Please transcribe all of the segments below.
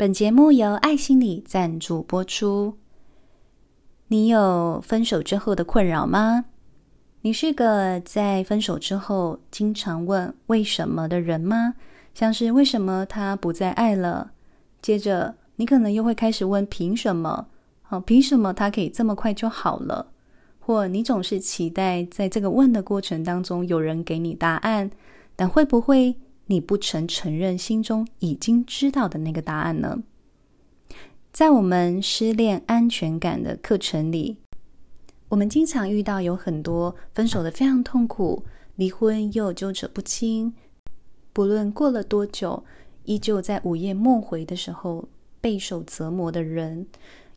本節目由愛心理贊助播出。你有分手之後的困擾嗎？你是個在分手之後經常問為什麼的人嗎？像是為什麼他不再愛了？接着，你可能又會開始問憑什麼？哦，憑什麼他可以這麼快就好了？或你總是期待在這個問的過程當中有人給你答案，但會不會？你不曾承認心中已經知道的那個答案呢？在我們失戀安全感的課程裡，我們經常遇到有很多分手的非常痛苦，離婚又糾扯不清，不論過了多久，依舊在午夜夢回的時候備受折磨的人。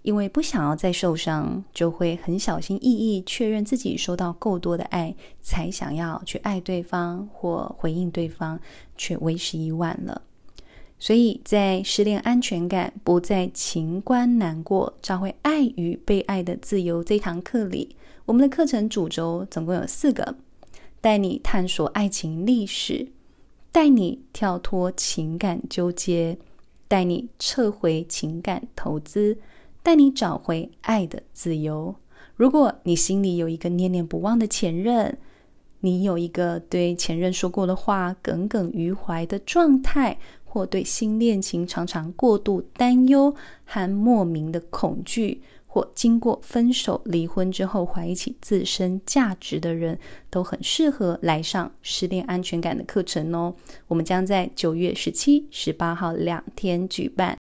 因為不想要再受傷，就會很小心翼翼，確認自己收到夠多的愛，才想要去愛對方或回應對方，卻為時已晚了。所以在失戀安全感，不再情關難過、找回愛與被愛的自由這一堂課裡，我們的課程主軸總共有四個：帶你探索愛情歷史，帶你跳脫情感糾結，帶你撤回情感投資。帶你找回愛的自由。如果你心裡有一個念念不忘的前任，你有一個對前任說過的話耿耿於懷的狀態，或對新戀情常常過度擔憂和莫名的恐懼，或經過分手、離婚之後懷疑起自身價值的人，都很適合來上失戀安全感的課程哦。我們將在九月十七、十八號兩天舉辦。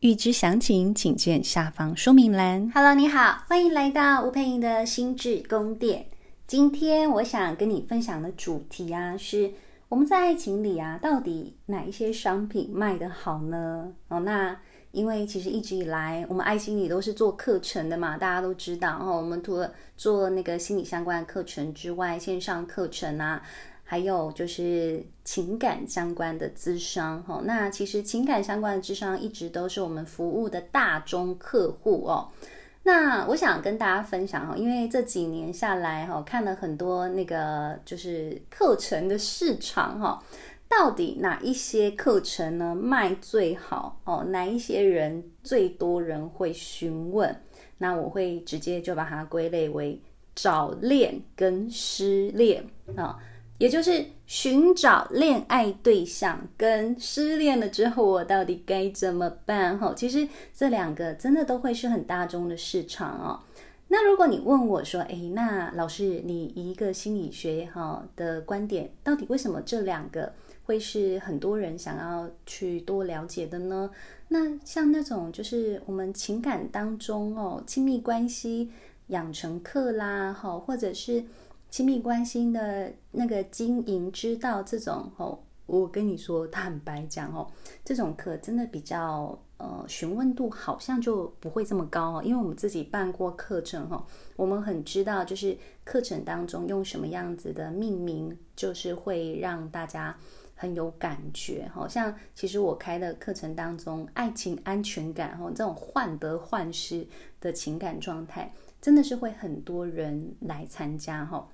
欲知詳情，請見下方說明欄。Hello，你好，歡迎來到吳姵瑩的心智宮殿。今天我想跟你分享的主題啊，是我們在愛情裡啊，到底哪一些商品賣得好呢？哦，那因為其實一直以來我們愛心理都是做課程的嘛，大家都知道哈、哦。我們除了做那個心理相關的課程之外，線上課程啊。還有就是情感相關的諮商。那其實情感相關的諮商一直都是我們服務的大宗客戶哦。那我想跟大家分享，因為這幾年下來，看了很多那個就是課程的市場，到底哪一些課程呢賣最好哦？哪一些人最多人會詢問？那我會直接就把它歸類為找戀跟失戀啊。也就是尋找戀愛對象，跟失戀了之後我到底該怎麼辦？其實這兩個真的都會是很大眾的市場哦。那如果你問我說：“誒、哎，那老師，你一個心理學的觀點，到底為什麼這兩個會是很多人想要去多了解的呢？”那像那種就是我們情感當中哦，親密關係養成課啦，哈，或者是。親密關心的那個經營之道，這種哦，我跟你說，坦白講哦，這種課真的比較呃，詢問度好像就不會這麼高哦，因為我們自己辦過課程哈、哦，我們很知道，就是課程當中用什麼樣子的命名，就是會讓大家很有感覺哈、哦。像其實我開的課程當中，愛情安全感哦，這種患得患失的情感狀態，真的是會很多人來參加哈。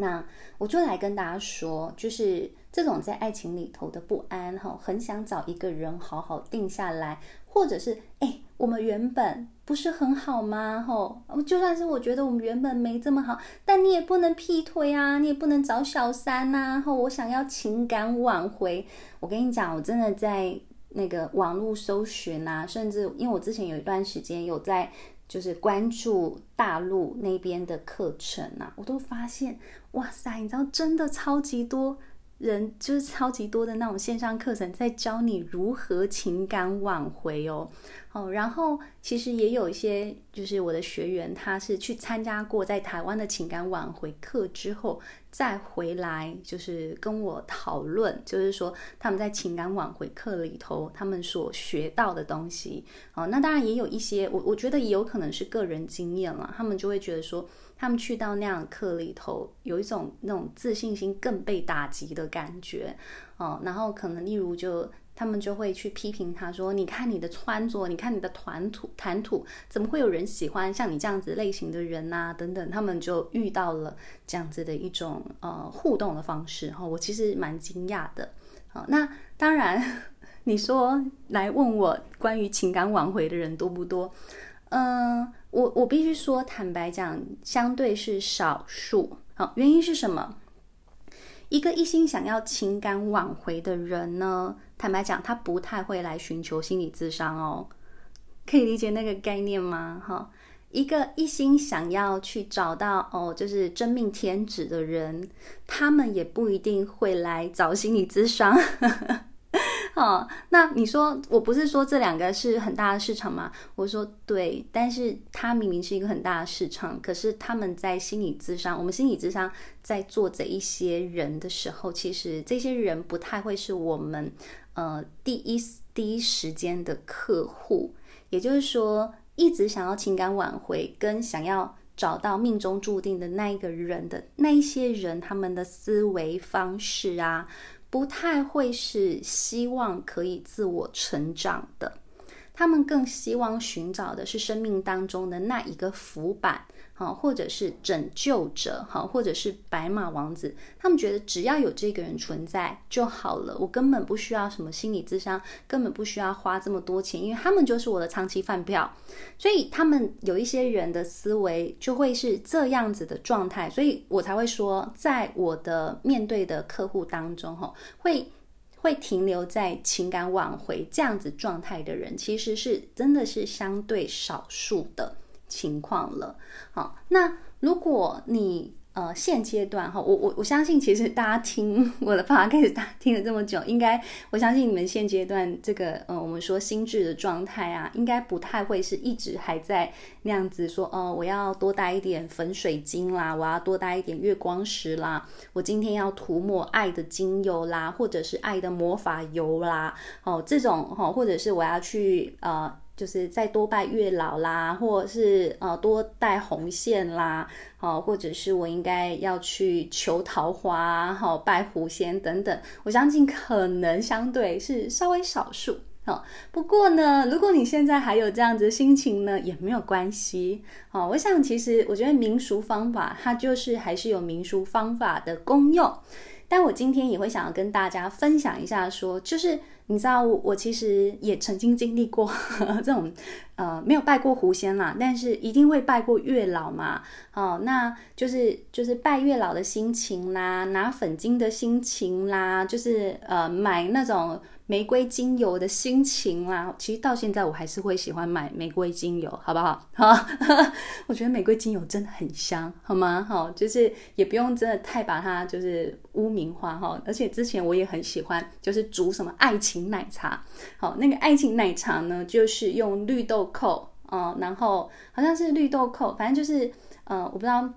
那我就來跟大家說，就是這種在愛情裡頭的不安哈，很想找一個人好好定下來，或者是誒，我們原本不是很好嗎？吼，就算是我覺得我們原本沒這麼好，但你也不能劈腿啊，你也不能找小三吶。吼，我想要情感挽回，我跟你講，我真的在那個網絡搜尋啊，甚至因為我之前有一段時間有在。就是關注大陸那邊的課程啊，我都發現，哇塞，你知道真的超級多人，就是超級多的那種線上課程在教你如何情感挽回哦，哦，然後其實也有一些，就是我的學員他是去參加過在台灣的情感挽回課之後。再回來，就是跟我討論，就是說他們在情感挽回課裡頭他們所學到的東西，哦，那當然也有一些，我我覺得也有可能是個人經驗了，他們就會覺得說他們去到那樣的課裡頭，有一種那種自信心更被打擊的感覺，哦，然後可能例如就。他們就會去批評他說：“你看你的穿着，你看你的談吐，談吐怎麼會有人喜歡像你這樣子類型的人吶、啊，”等等，他們就遇到了這樣子的一種呃互動的方式哈、哦。我其實蠻驚訝的。好、哦，那當然，你說來問我關於情感挽回的人多不多？嗯、呃，我我必須說，坦白講，相對是少數。好、哦，原因是什麼？一個一心想要情感挽迴的人呢，坦白講，他不太會來尋求心理諮商哦。可以理解那個概念嗎？哈，一個一心想要去找到哦，就是真命天子的人，他們也不一定會來找心理諮商。 哦，那你說我不是說這兩個是很大的市場嗎？我說對，但是它明明是一個很大的市場，可是他們在心理諮商，我們心理諮商在做這一些人的時候，其實這些人不太會是我們呃第一第一時間的客戶。也就是說，一直想要情感挽回跟想要找到命中注定的那一個人的那一些人，他們的思維方式啊。不太會是希望可以自我成長的，他們更希望尋找的是生命當中的那一個浮板。或者是拯救者，哈，或者是白馬王子，他們覺得只要有這個人存在就好了，我根本不需要什麼心理諮商，根本不需要花這麼多錢，因為他們就是我的長期飯票。所以他們有一些人的思維就會是這樣子的狀態，所以我才會說，在我的面對的客戶當中，會會停留在情感挽回這樣子狀態的人，其實是真的是相對少數的。情況了，好，那如果你呃現階段哈，我我我相信其實大家聽我的 podcast 開始，大家聽了這麼久，應該我相信你們現階段這個呃我們說心智的狀態啊，應該不太會是一直還在那樣子說，哦、呃，我要多戴一點粉水晶啦，我要多戴一點月光石啦，我今天要塗抹愛的精油啦，或者是愛的魔法油啦，哦，這種哦，或者是我要去呃。就是再多拜月老啦，或是呃多戴紅線啦，呃，或者是我應該要去求桃花啊，呃，好，呃，拜狐仙等等。我相信可能相對是稍微少數，呃，不過呢，如果你現在還有這樣子的心情呢，也沒有關係，呃，我想其實我覺得民俗方法它就是還是有民俗方法的功用。但我今天也會想要跟大家分享一下說，說就是你知道我其實也曾經經歷過呵呵這種呃沒有拜過狐仙啦，但是一定會拜過月老嘛，哦，那就是就是拜月老的心情啦，拿粉晶的心情啦，就是呃買那種。玫瑰精油的心情啦，其實到現在我還是會喜歡買玫瑰精油，好不好？好 我覺得玫瑰精油真的很香，好嗎？好，就是也不用真的太把它就是污名化哈。而且之前我也很喜歡，就是煮什麼愛情奶茶。好，那個愛情奶茶呢，就是用綠豆蔻，然後好像是綠豆蔻，反正就是、呃、我不知道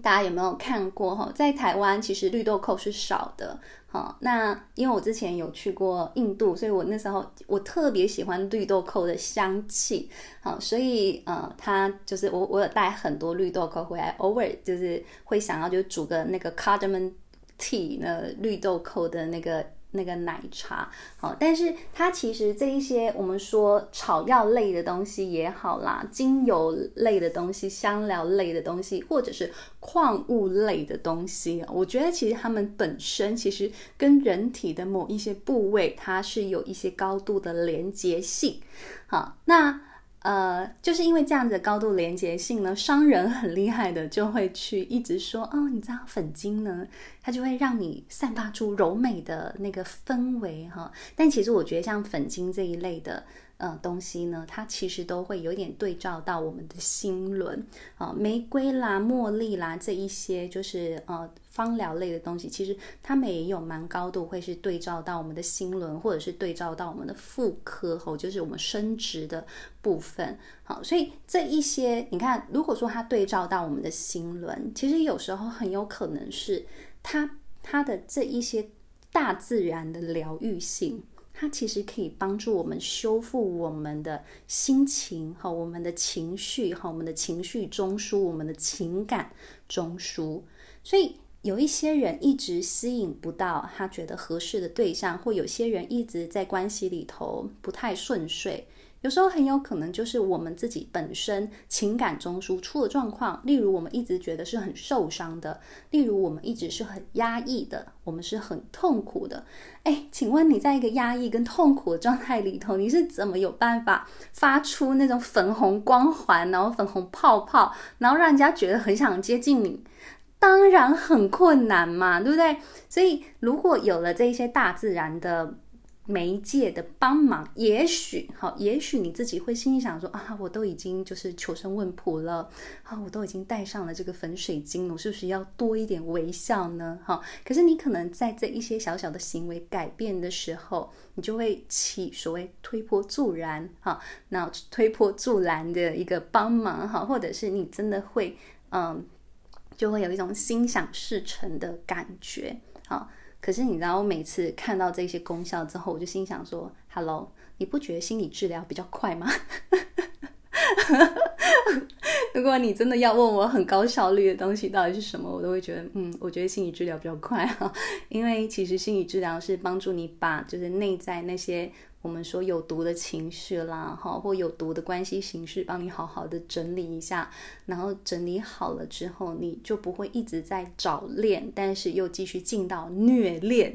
大家有沒有看過，在台灣其實綠豆蔻是少的。好，那因為我之前有去過印度，所以我那時候我特別喜歡綠豆蔻的香氣。好，所以呃，它就是我，我有帶很多綠豆蔻回來，偶爾就是會想要就煮個那個 cardamom tea，那綠豆蔻的那個。那個奶茶，好，但是它其實這一些我們說草藥類的東西也好啦，精油類的東西、香料類的東西，或者是礦物類的東西啊，我覺得其實它們本身其實跟人體的某一些部位，它是有一些高度的連接性連結性。好，那。呃，就是因為這樣子的高度連結性呢，商人很厲害的就會去一直說哦，你知道粉晶呢，它就會讓你散發出柔美的那個氛圍哈、哦。但其實我覺得像粉晶這一類的呃東西呢，它其實都會有點對照到我們的心輪啊、哦，玫瑰啦、茉莉啦這一些就是呃。芳療類的東西，其實它們也有蠻高度會是對照到我們的心輪，或者是對照到我們的婦科，吼，就是我們生殖的部分，好，所以這一些，你看，如果說它對照到我們的心輪，其實有時候很有可能是它它的這一些大自然的療癒性，它其實可以幫助我們修復我們的心情，和我們的情緒，哈，我們的情緒中樞，我們的情感中樞，所以。有一些人一直吸引不到他覺得合適的對象，或有些人一直在關係裡頭不太順遂，有時候很有可能就是我們自己本身情感中樞出了狀況。例如，我們一直覺得是很受傷的，例如我們一直是很壓抑的，我們是很痛苦的。誒，請問你在一個壓抑跟痛苦的狀態裡頭，你是怎麼有辦法發出那種粉紅光環，然後粉紅泡泡，然後讓人家覺得很想接近你？當然很困難嘛，對不對？所以如果有了這些大自然的媒介的幫忙，也許哈，也許你自己會心裡想說啊，我都已經就是求神問卜了啊，我都已經戴上了這個粉水晶，我是不是要多一點微笑呢？哈，可是你可能在這一些小小的行為改變的時候，你就會起所謂推波助瀾哈，那推波助瀾的一個幫忙哈，或者是你真的會嗯。就會有一種心想事成的感覺，好。可是你知道，我每次看到這些功效之後，我就心想說：“Hello，你不覺得心理治療比較快嗎？” 如果你真的要問我很高效率的東西到底是什麼，我都會覺得，嗯，我覺得心理治療比較快啊，因為其實心理治療是幫助你把就是內在那些。我們說有毒的情緒啦，哈，或有毒的關係形式，幫你好好的整理一下，然後整理好了之後，你就不會一直在找戀，但是又繼續進到虐戀，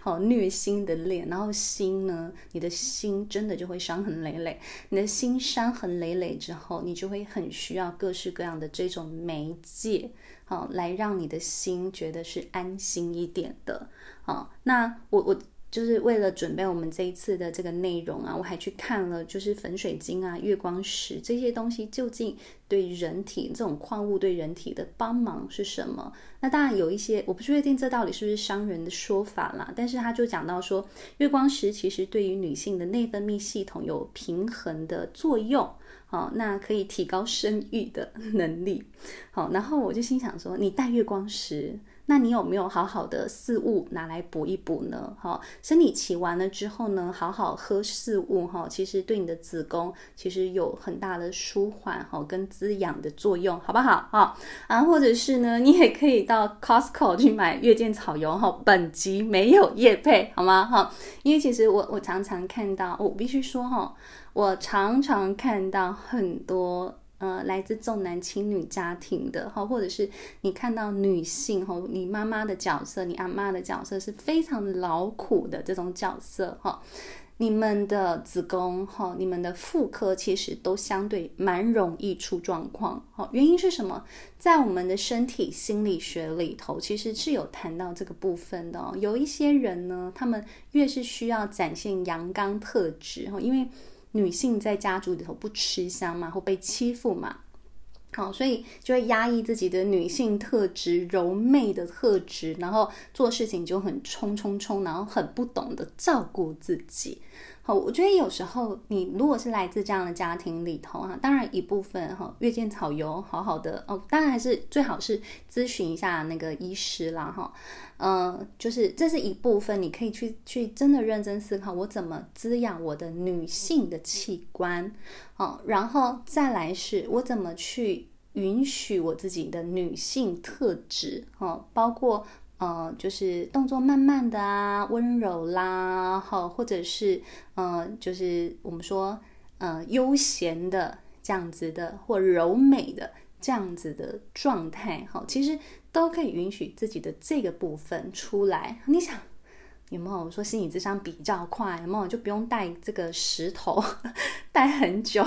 好虐心的戀，然後心呢，你的心真的就會傷痕累累，你的心傷痕累累之後，你就會很需要各式各樣的這種媒介，好來讓你的心覺得是安心一點的，好，那我我。就是為了準備我們這一次的這個內容啊，我還去看了，就是粉水晶啊、月光石這些東西究竟對人體這種礦物對人體的幫忙是什麼？那當然有一些，我不確定這到底是不是商人的說法啦。但是他就講到說，月光石其實對於女性的內分泌系統有平衡的作用，好，那可以提高生育的能力。好，然後我就心想說，你戴月光石。那你有沒有好好的四物拿來補一補呢？哈，生理期完了之後呢，好好喝四物哈，其實對你的子宮其實有很大的舒緩哈跟滋養的作用，好不好哈，啊，或者是呢，你也可以到 Costco 去買月見草油哈，本集沒有業配，好嗎？哈，因為其實我我常常看到，我必須說哈，我常常看到很多。呃，來自重男輕女家庭的哈，或者是你看到女性哈、哦，你媽媽的角色、你阿嬤的角色是非常勞苦的這種角色哈、哦，你們的子宮哈、哦，你們的婦科其實都相對蠻容易出狀況哈、哦。原因是什麼？在我們的身體心理學裡頭，其實是有談到這個部分的。哦、有一些人呢，他們越是需要展現陽剛特質哈、哦，因為。女性在家族裡頭不吃香嘛，或被欺負嘛。好，所以就會壓抑自己的女性特質、柔媚的特質，然後做事情就很衝衝衝，然後很不懂得照顧自己。我覺得有時候你如果是來自這樣的家庭裡頭哈、啊，當然一部分哈、哦，月見草油好好的哦，當然還是最好是諮詢一下那個醫師啦哈，嗯、哦呃，就是這是一部分，你可以去去真的認真思考，我怎麼滋養我的女性的器官哦，然後再來是我怎麼去允許我自己的女性特質哦，包括。呃，就是動作慢慢的啊，溫柔啦，好，或者是呃，就是我們說呃，悠閒的這樣子的，或柔美的這樣子的狀態，好，其實都可以允許自己的這個部分出來。你想。有沒有說心理智商比較快？有沒有就不用戴這個石頭，戴很久，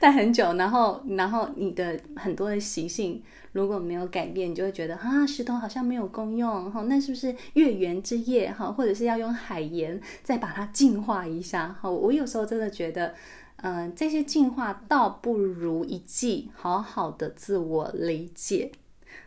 戴很久。然後然後你的很多的習性如果沒有改變，你就會覺得啊石頭好像沒有功用哈，那是不是月圓之夜哈，或者是要用海鹽再把它淨化一下哈？我有時候真的覺得，嗯、呃，這些淨化倒不如一記好好的自我理解。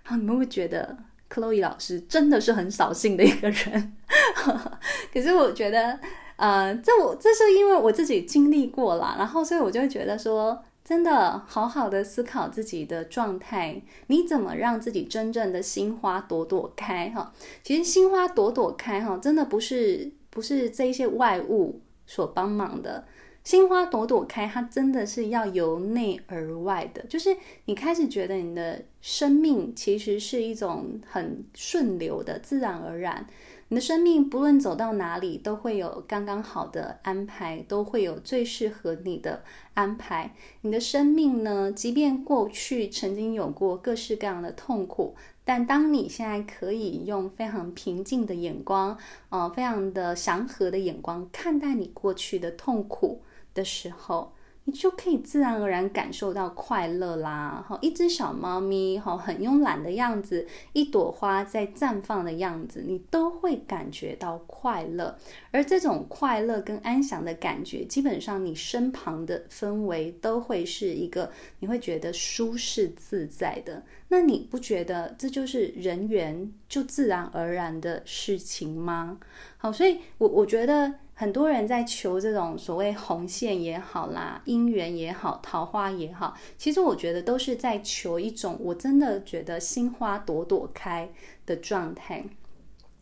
好，你們會覺得 Chloe 老師真的是很掃興的一個人。 可是我覺得，呃，這我這是因為我自己經歷過啦，然後所以我就會覺得說，真的好好的思考自己的狀態，你怎麼讓自己真正的心花朵朵開？哈、哦，其實心花朵朵開，哈、哦，真的不是不是這一些外物所幫忙的，心花朵朵開，它真的是要由內而外的，就是你開始覺得你的生命其實是一種很順流的，自然而然。你的生命不論走到哪裡，都會有剛剛好的安排，都會有最適合你的安排。你的生命呢，即便過去曾經有過各式各樣的痛苦，但當你現在可以用非常平靜的眼光，呃，非常的祥和的眼光看待你過去的痛苦的時候，你就可以自然而然感受到快樂啦！哈，一隻小貓咪，哈很慵懶的樣子，一朵花在綻放的樣子，你都會感覺到快樂。而這種快樂跟安詳的感覺，基本上你身旁的氛圍都會是一個你會覺得舒適自在的。那你不覺得這就是人緣就自然而然的事情嗎？好，所以我我覺得。很多人在求這種所謂紅線也好啦，姻緣也好，桃花也好，其實我覺得都是在求一種，我真的覺得心花朵朵開的狀態。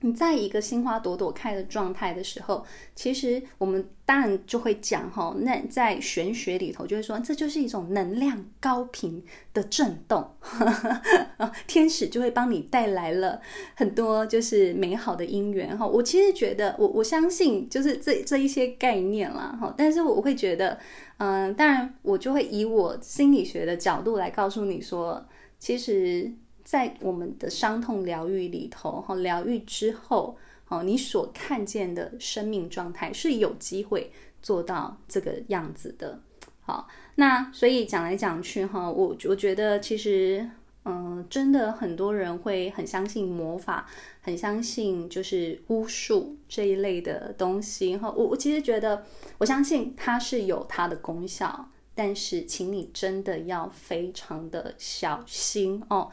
你在一個心花朵朵開的狀態的時候，其實我們當然就會講哈，那在玄學裡頭就會說，這就是一種能量高頻的震動， 天使就會幫你帶來了很多就是美好的姻緣哈。我其實覺得，我我相信就是這這一些概念啦哈，但是我會覺得，嗯、呃，當然我就會以我心理學的角度來告訴你說，其實。在我們的傷痛療癒裡頭，哈，療癒之後，你所看見的生命狀態是有機會做到這個樣子的，好，那所以講來講去，哈，我我覺得其實，嗯，真的很多人會很相信魔法，很相信就是巫術這一類的東西，哈，我我其實覺得，我相信它是有它的功效，但是，請你真的要非常的小心哦。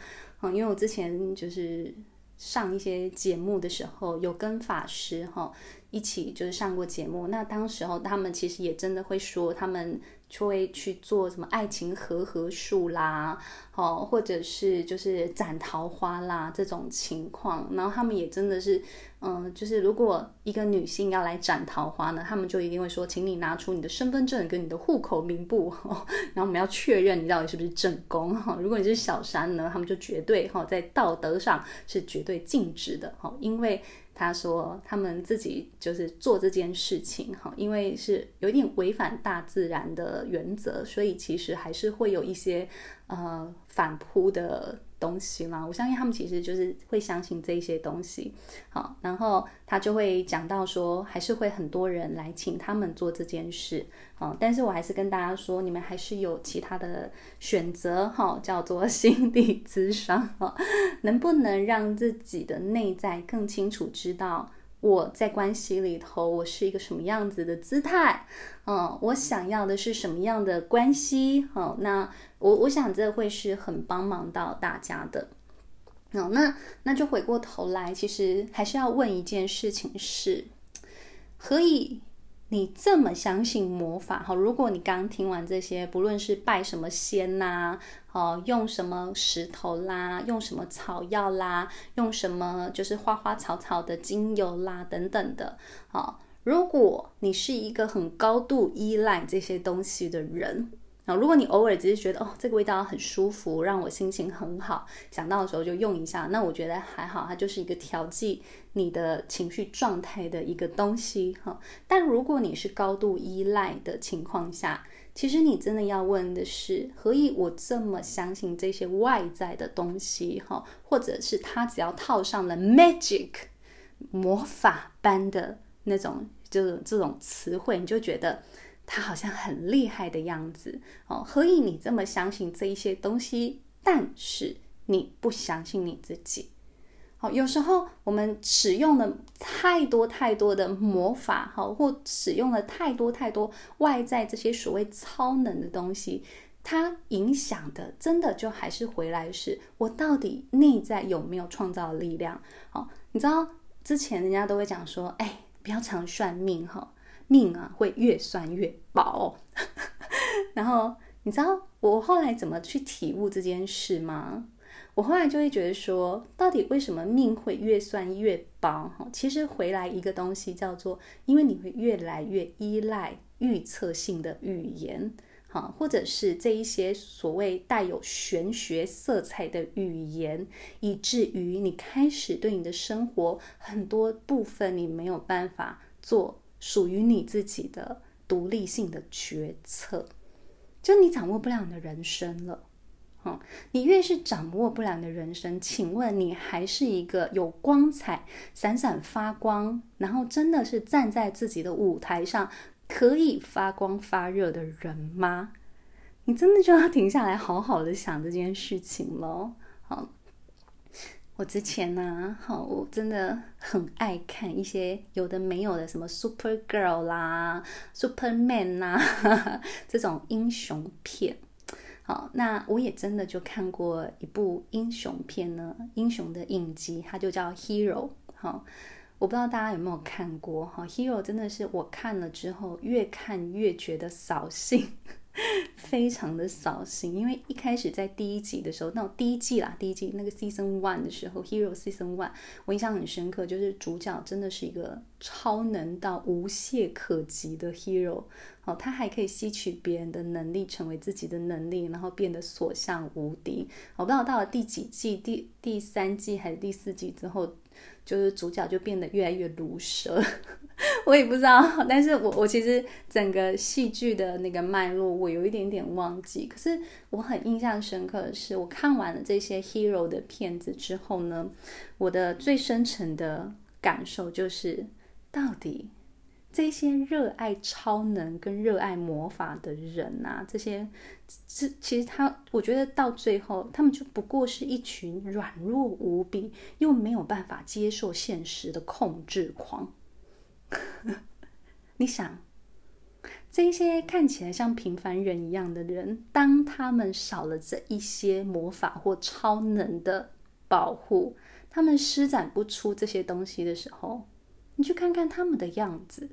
因為我之前就是上一些節目的時候，有跟法師齁，一起就是上過節目，那當時候他們其實也真的會說他們。就會去做什麼愛情和合術啦，好，或者是就是斬桃花啦這種情況，然後他們也真的是，嗯，就是如果一個女性要來斬桃花呢，他們就一定會說，請你拿出你的身份證跟你的戶口名簿，然後我們要確認你到底是不是正宮哈。如果你是小三呢，他們就絕對哈在道德上是絕對禁止的哈，因為。他說：“他們自己就是做這件事情，哈，因為是有點違反大自然的原則，所以其實還是會有一些呃反撲的。”東西嘛，我相信他們其實就是會相信這些東西，好，然後他就會講到說，還是會很多人來請他們做這件事，好、哦，但是我還是跟大家說，你們還是有其他的選擇，哈、哦，叫做心理諮商、哦，能不能讓自己的內在更清楚知道？我在關係裡頭，我是一個什麼樣子的姿態？嗯，我想要的是什麼樣的關係？好、嗯，那我我想這會是很幫忙到大家的。好、嗯，那那就回過頭來，其實還是要問一件事情是：是何以你這麼相信魔法？哈，如果你剛剛聽完這些，不論是拜什麼仙吶、啊。哦，用什麼石頭啦，用什麼草藥啦，用什麼就是花花草草的精油啦，等等的。哦，如果你是一個很高度依賴這些東西的人。那如果你偶爾只是覺得哦，這個味道很舒服，讓我心情很好，想到的時候就用一下，那我覺得還好，它就是一個調劑你的情緒狀態的一個東西哈、哦。但如果你是高度依賴的情況下，其實你真的要問的是，何以我這麼相信這些外在的東西哈、哦？或者是它只要套上了 magic 魔法般的那種，就是這種詞彙，你就覺得。他好像很厲害的樣子哦，所以你這麼相信這一些東西，但是你不相信你自己。好，有時候我們使用了太多太多的魔法哈，或使用了太多太多外在這些所謂超能的東西，它影響的真的就還是回來是我到底內在有沒有創造力量？哦，你知道之前人家都會講說，哎，不要常算命哈。命啊，會越算越薄。 然後你知道我後來怎麼去體悟這件事嗎？我後來就會覺得說，到底為什麼命會越算越薄？哈，其實回來一個東西叫做，因為你會越來越依賴預測性的語言，哈，或者是這一些所謂帶有玄學色彩的語言，以至於你開始對你的生活很多部分你沒有辦法做。屬於你自己的獨立性的決策，就你掌握不了你的人生了。嗯，你越是掌握不了你的人生，請問你還是一個有光彩、閃閃發光，然後真的是站在自己的舞台上可以發光發熱的人嗎？你真的就要停下來，好好的想這件事情了。好、嗯。我之前呢，好，我真的很愛看一些有的沒有的，什麼 Super Girl 啦、Super Man 吶、啊，這種英雄片。好，那我也真的就看過一部英雄片呢，《英雄的印記》，它就叫 Hero。好，我不知道大家有沒有看過哈，Hero 真的是我看了之後越看越覺得掃興。非常的掃興，因為一開始在第一集的時候，那第一季啦，第一季那個 season one 的時候，hero season one，我印象很深刻，就是主角真的是一個超能到無懈可擊的 hero，哦，他還可以吸取別人的能力成為自己的能力，然後變得所向無敵。我，哦，不知道到了第幾季，第第三季還是第四季之後，就是主角就變得越來越毒舌。我也不知道，但是我我其實整個戲劇的那個脈絡我有一點點忘記。可是我很印象深刻的是，我看完了這些 hero 的片子之後呢，我的最深沉的感受就是，到底這些熱愛超能跟熱愛魔法的人啊，這些這其實他我覺得到最後，他們就不過是一群軟弱無比又沒有辦法接受現實的控制狂。 你想，這些看起來像平凡人一樣的人，當他們少了這一些魔法或超能的保護，他們施展不出這些東西的時候，你去看看他們的樣子，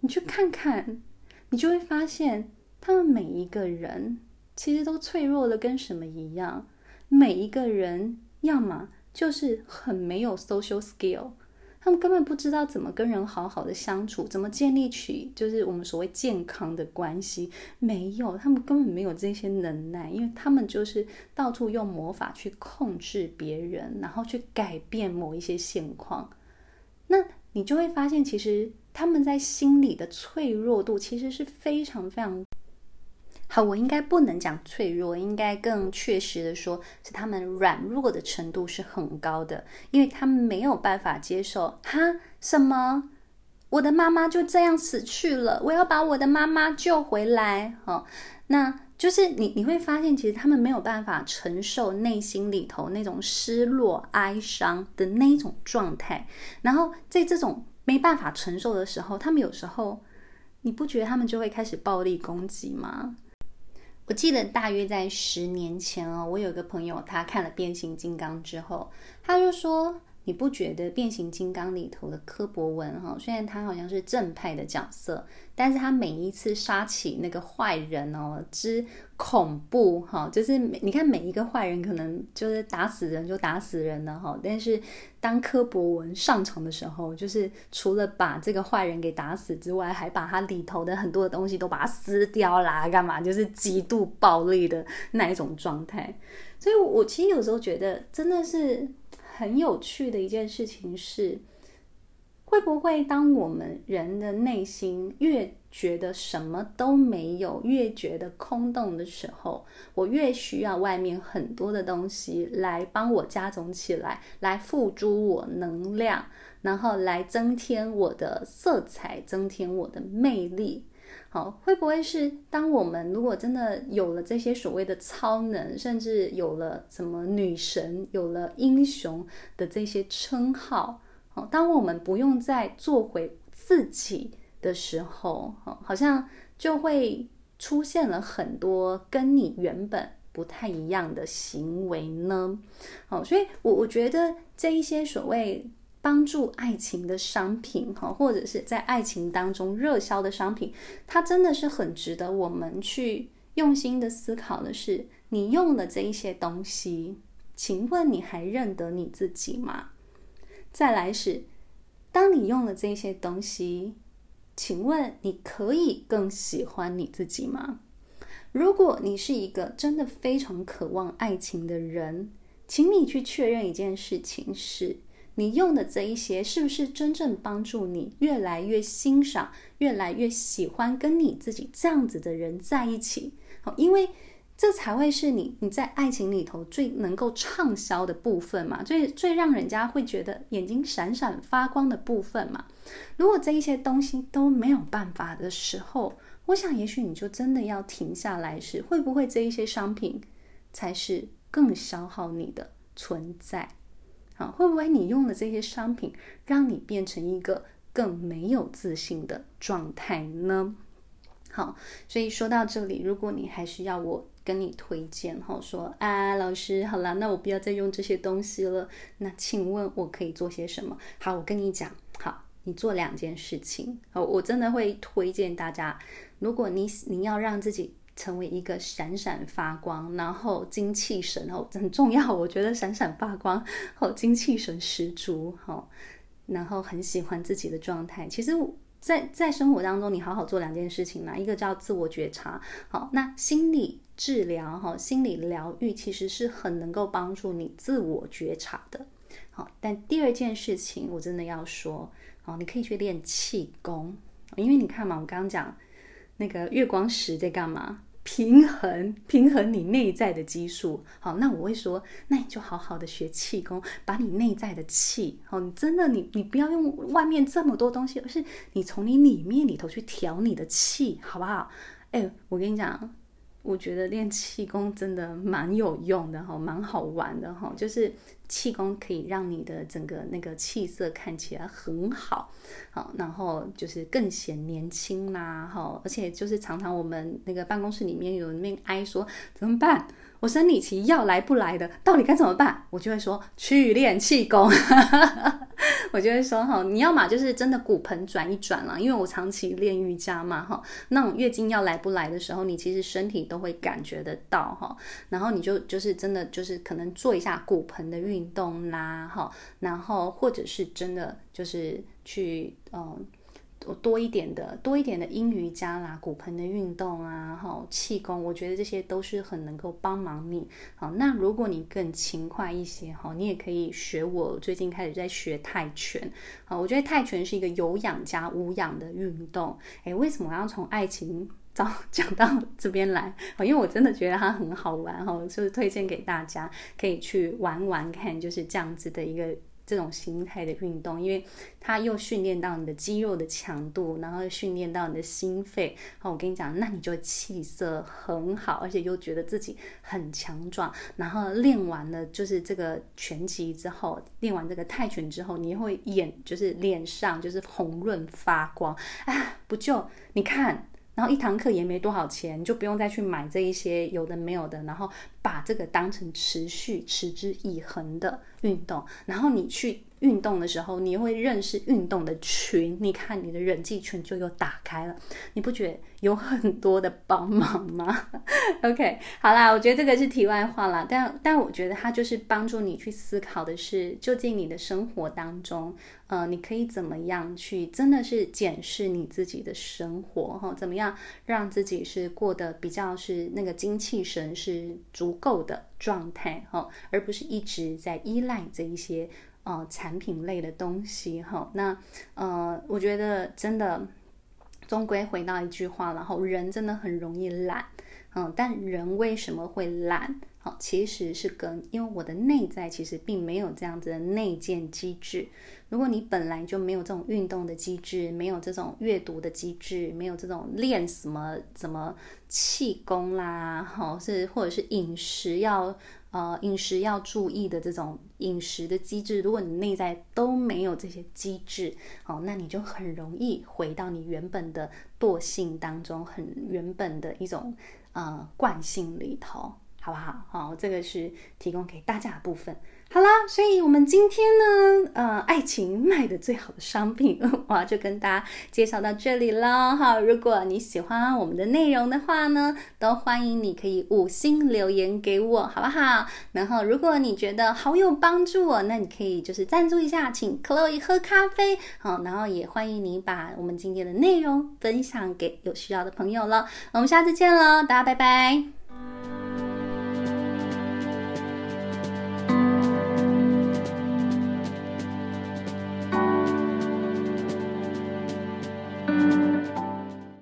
你去看看，你就會發現，他們每一個人其實都脆弱的跟什麼一樣。每一個人，要麼就是很沒有 social skill。他們根本不知道怎麼跟人好好的相處，怎麼建立起就是我們所謂健康的關係？沒有，他們根本沒有這些能耐，因為他們就是到處用魔法去控制別人，然後去改變某一些現況。那你就會發現，其實他們在心裡的脆弱度其實是非常非常。好，我應該不能講脆弱，我應該更確實的說，是他們軟弱的程度是很高的，因為他們沒有辦法接受，哈，什麼？我的媽媽就這樣死去了，我要把我的媽媽救回來。好，那就是你，你會發現，其實他們沒有辦法承受內心裡頭那種失落、哀傷的那種狀態。然後在這種沒辦法承受的時候，他們有時候，你不覺得他們就會開始暴力攻擊嗎？我記得大約在十年前哦，我有個朋友，他看了《變形金剛》之後，他就說。你不覺得變形金剛裡頭的柯博文哈，雖然他好像是正派的角色，但是他每一次殺起那個壞人哦之恐怖哈，就是你看每一個壞人可能就是打死人就打死人了哈，但是當柯博文上場的時候，就是除了把這個壞人給打死之外，還把他裡頭的很多的東西都把他撕掉啦，幹嘛，就是極度暴力的那一種狀態。所以，我其實有時候覺得真的是。很有趣的一件事情是，會不會當我們人的內心越覺得什麼都沒有，越覺得空洞的時候，我越需要外面很多的東西來幫我加總起來，來賦予我能量，然後來增添我的色彩，增添我的魅力。會不會是當我們如果真的有了這些所謂的超能，甚至有了什麼女神，有了英雄的這些稱號，好，當我們不用再做回自己的時候，好像就會出現了很多跟你原本不太一樣的行為呢？好，所以我我覺得這一些所謂。幫助愛情的商品，哈，或者是在愛情當中熱銷的商品，它真的是很值得我們去用心的思考的是：你用了這一些東西，請問你還認得你自己嗎？再來是，當你用了這些東西，請問你可以更喜歡你自己嗎？如果你是一個真的非常渴望愛情的人，請你去確認一件事情是。你用的這一些是不是真正幫助你越來越欣賞、越來越喜歡跟你自己這樣子的人在一起？好，因為這才會是你你在愛情裡頭最能夠暢銷的部分嘛，最最讓人家會覺得眼睛閃閃發光的部分嘛。如果這一些東西都沒有辦法的時候，我想也許你就真的要停下來時，會不會這一些商品才是更消耗你的存在？啊，會不會你用的這些商品讓你變成一個更沒有自信的狀態呢？好，所以說到這裡，如果你還是要我跟你推薦，哈，說、哎、啊，老師，好啦，那我不要再用這些東西了。那請問我可以做些什麼？好，我跟你講，好，你做兩件事情，哦，我真的會推薦大家，如果你你要讓自己，成為一個閃閃發光，然後精氣神哦很重要。我覺得閃閃發光，好精氣神十足，好，然後很喜歡自己的狀態。其實在，在在生活當中，你好好做兩件事情嘛，一個叫自我覺察，好，那心理治療哈，心理療癒其實是很能夠幫助你自我覺察的。好，但第二件事情我真的要說，哦，你可以去練氣功，因為你看嘛，我剛剛講那個月光石在幹嘛？平衡，平衡你內在的激素。好，那我會說，那你就好好的學氣功，把你內在的氣，好，你真的你你不要用外面這麼多東西，而是你從你裡面裡頭去調你的氣，好不好？哎、欸，我跟你講，我覺得練氣功真的蠻有用的哈，蠻好玩的哈，就是。氣功可以讓你的整個那個氣色看起來很好，好，然後就是更顯年輕啦，哈，而且就是常常我們那個辦公室裡面有人面哀說，怎麼辦？我生理期要來不來的，到底該怎麼辦？我就會說去練氣功。哈哈哈。我就會說哈，你要嘛就是真的骨盆轉一轉了、啊，因為我長期練瑜伽嘛哈、哦，那種月經要來不來的時候，你其實身體都會感覺得到哈、哦，然後你就就是真的就是可能做一下骨盆的運動啦哈、哦，然後或者是真的就是去嗯。多一點的多一點的陰瑜伽啦，骨盆的運動啊，哈氣功，我覺得這些都是很能夠幫忙你。好，那如果你更勤快一些哈，你也可以學我最近開始在學泰拳。好，我覺得泰拳是一個有氧加無氧的運動。哎，為什麼我要從愛情找講到這邊來？因為我真的覺得它很好玩哈，就是推薦給大家可以去玩玩看，就是這樣子的一個。這種形態的運動，因為它又訓練到你的肌肉的強度，然後訓練到你的心肺。好，我跟你講，那你就氣色很好，而且又覺得自己很強壯。然後練完了就是這個拳擊之後，練完這個泰拳之後，你會眼就是臉上就是紅潤發光啊，不就你看，然後一堂課也沒多少錢，你就不用再去買這一些有的沒有的，然後，把這個當成持續持之以恆的運動，然後你去運動的時候，你會認識運動的群，你看你的人際群就又打開了，你不覺得有很多的幫忙嗎 ？OK，好啦，我覺得這個是題外話啦，但但我覺得它就是幫助你去思考的是，究竟你的生活當中，呃，你可以怎麼樣去，真的是檢視你自己的生活，哦，怎麼樣讓自己是過得比較是那個精氣神是足。夠的狀態哈、哦，而不是一直在依賴這一些呃產品類的東西哈、哦。那呃，我覺得真的終歸回到一句話，然後人真的很容易懶，嗯、哦，但人為什麼會懶？其實是跟，因為我的內在其實並沒有這樣子的內建機制。如果你本來就沒有這種運動的機制，沒有這種閱讀的機制，沒有這種練什麼什麼氣功啦，好是或者是飲食要呃飲食要注意的這種飲食的機制，如果你內在都沒有這些機制，好，那你就很容易回到你原本的惰性當中，很原本的一種呃慣性裡頭。好不好？好，這個是提供給大家的部分。好啦，所以我們今天呢，呃，愛情賣的最好的商品，我要就跟大家介紹到這裡了。好，如果你喜歡我們的內容的話呢，都歡迎你可以五星留言給我，好不好？然後如果你覺得好有幫助喔，那你可以就是贊助一下，請 Chloe 喝咖啡。好，然後也歡迎你把我們今天的內容分享給有需要的朋友了。我們下次見嘍，大家拜拜。